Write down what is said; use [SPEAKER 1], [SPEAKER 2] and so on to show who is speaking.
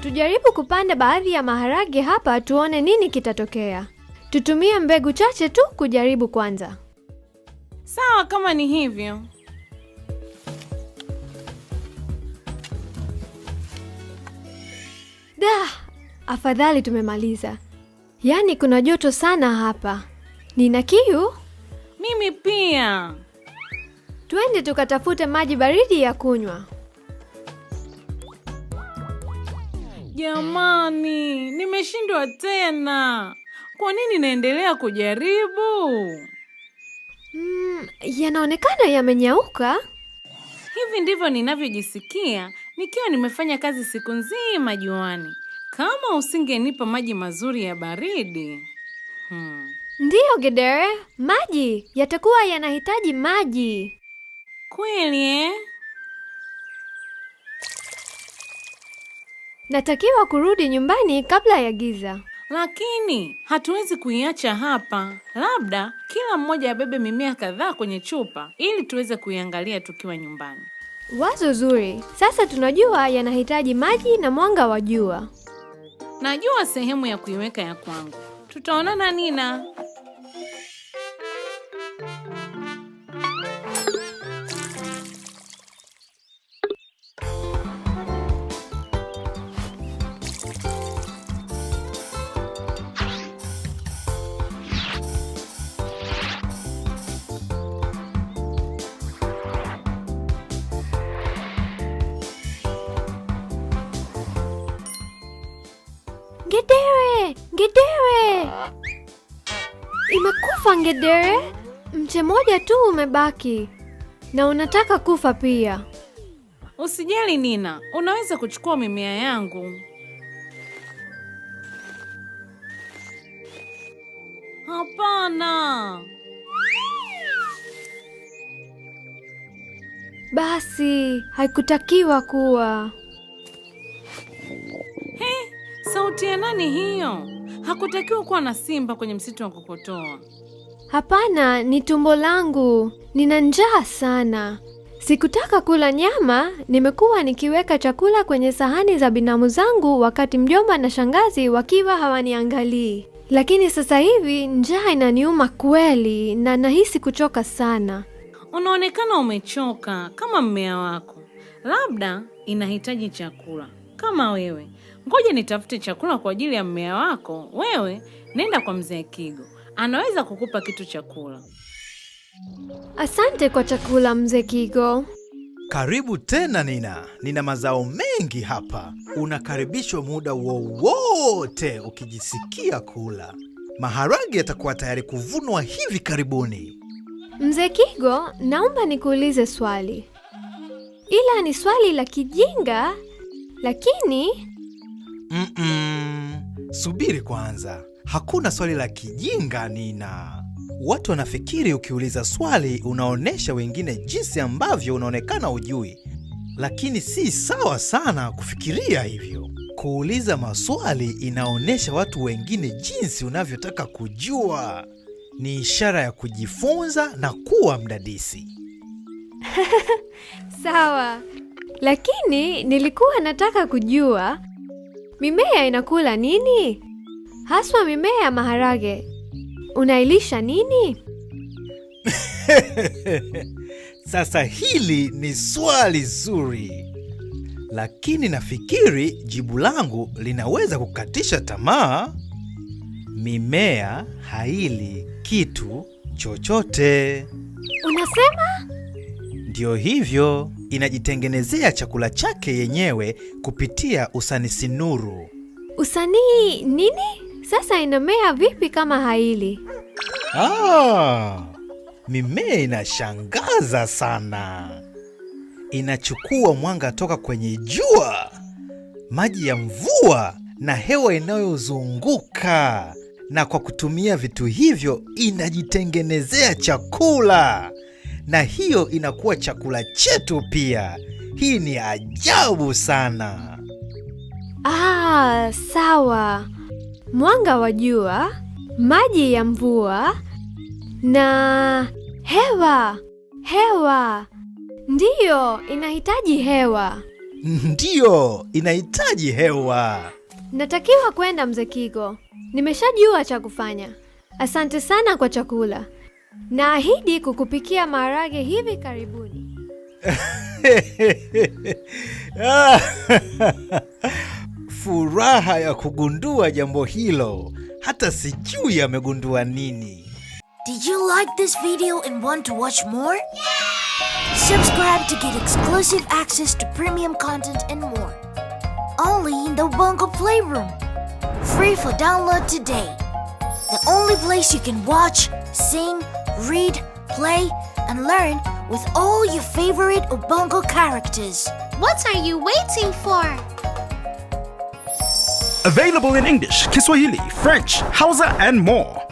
[SPEAKER 1] Tujaribu kupanda baadhi ya maharage hapa tuone nini kitatokea. Tutumie mbegu chache tu kujaribu kwanza.
[SPEAKER 2] Sawa, kama ni hivyo.
[SPEAKER 1] Da, afadhali tumemaliza. Yaani kuna joto sana hapa, nina kiu.
[SPEAKER 2] Mimi pia.
[SPEAKER 1] Twende tukatafute maji baridi ya kunywa.
[SPEAKER 2] Jamani, nimeshindwa tena. Kwa nini naendelea kujaribu?
[SPEAKER 1] Mm, yanaonekana yamenyauka.
[SPEAKER 2] Hivi ndivyo ninavyojisikia nikiwa nimefanya kazi siku nzima juani. Kama usingenipa maji mazuri ya baridi
[SPEAKER 1] hmm. Ndiyo Gedere, maji yatakuwa yanahitaji maji
[SPEAKER 2] kweli eh?
[SPEAKER 1] Natakiwa kurudi nyumbani kabla ya giza,
[SPEAKER 2] lakini hatuwezi kuiacha hapa. Labda kila mmoja abebe mimea kadhaa kwenye chupa ili tuweze kuiangalia tukiwa nyumbani.
[SPEAKER 1] Wazo zuri. Sasa tunajua yanahitaji maji na mwanga wa jua.
[SPEAKER 2] Najua sehemu ya kuiweka ya kwangu. Tutaonana Nina.
[SPEAKER 1] Ngedere! Ngedere! Imekufa ngedere, mche moja tu umebaki na unataka kufa pia.
[SPEAKER 2] Usijali Nina, unaweza kuchukua mimea yangu. Hapana.
[SPEAKER 1] Basi haikutakiwa kuwa
[SPEAKER 2] Sauti ya nani hiyo? Hakutakiwa kuwa na simba kwenye msitu wa Kokotoa.
[SPEAKER 1] Hapana, ni tumbo langu, nina njaa sana. Sikutaka kula nyama, nimekuwa nikiweka chakula kwenye sahani za binamu zangu wakati mjomba na shangazi wakiwa hawaniangalii. Lakini sasa hivi njaa inaniuma kweli na nahisi kuchoka sana.
[SPEAKER 2] Unaonekana umechoka kama mmea wako. Labda inahitaji chakula kama wewe. Ngoja nitafute chakula kwa ajili ya mmea wako. Wewe nenda kwa mzee Kigo, anaweza kukupa kitu chakula.
[SPEAKER 1] Asante kwa chakula mzee Kigo.
[SPEAKER 3] Karibu tena Nina, nina mazao mengi hapa. Unakaribishwa muda wowote ukijisikia kula. Maharage yatakuwa tayari kuvunwa hivi karibuni.
[SPEAKER 1] Mzee Kigo, naomba nikuulize swali, ila ni swali la kijinga lakini
[SPEAKER 3] mm -mm. Subiri kwanza, hakuna swali la kijinga Nina. Watu wanafikiri ukiuliza swali unaonyesha wengine jinsi ambavyo unaonekana ujui, lakini si sawa sana kufikiria hivyo. Kuuliza maswali inaonyesha watu wengine jinsi unavyotaka kujua. Ni ishara ya kujifunza na kuwa mdadisi.
[SPEAKER 1] Sawa. Lakini nilikuwa nataka kujua mimea inakula nini? Haswa mimea ya maharage. Unailisha nini?
[SPEAKER 3] Sasa hili ni swali zuri. Lakini nafikiri jibu langu linaweza kukatisha tamaa. Mimea haili kitu chochote.
[SPEAKER 1] Unasema?
[SPEAKER 3] ndiyo hivyo inajitengenezea chakula chake yenyewe kupitia usanisi nuru.
[SPEAKER 1] Usanii nini? Sasa inamea vipi kama haili?
[SPEAKER 3] Ah, mimea inashangaza sana. Inachukua mwanga toka kwenye jua, maji ya mvua na hewa inayozunguka, na kwa kutumia vitu hivyo inajitengenezea chakula na hiyo inakuwa chakula chetu pia. Hii ni ajabu sana.
[SPEAKER 1] Ah, sawa. Mwanga wa jua, maji ya mvua na hewa. Hewa ndiyo, inahitaji hewa.
[SPEAKER 3] Ndiyo, inahitaji hewa.
[SPEAKER 1] Natakiwa kwenda, Mzee Kigo. Nimeshajua cha kufanya. Asante sana kwa chakula. Naahidi kukupikia maharage hivi karibuni.
[SPEAKER 3] Furaha ya kugundua jambo hilo. Hata sijui amegundua nini. Did you like this video and want to watch more? Yeah! Subscribe to get exclusive access to premium content and more. Only in the Bongo Playroom. Free for download today. The only place you can watch, sing, read, play, and learn with all your favorite Ubongo characters. What are you waiting for? Available in English, Kiswahili, French, Hausa, and more.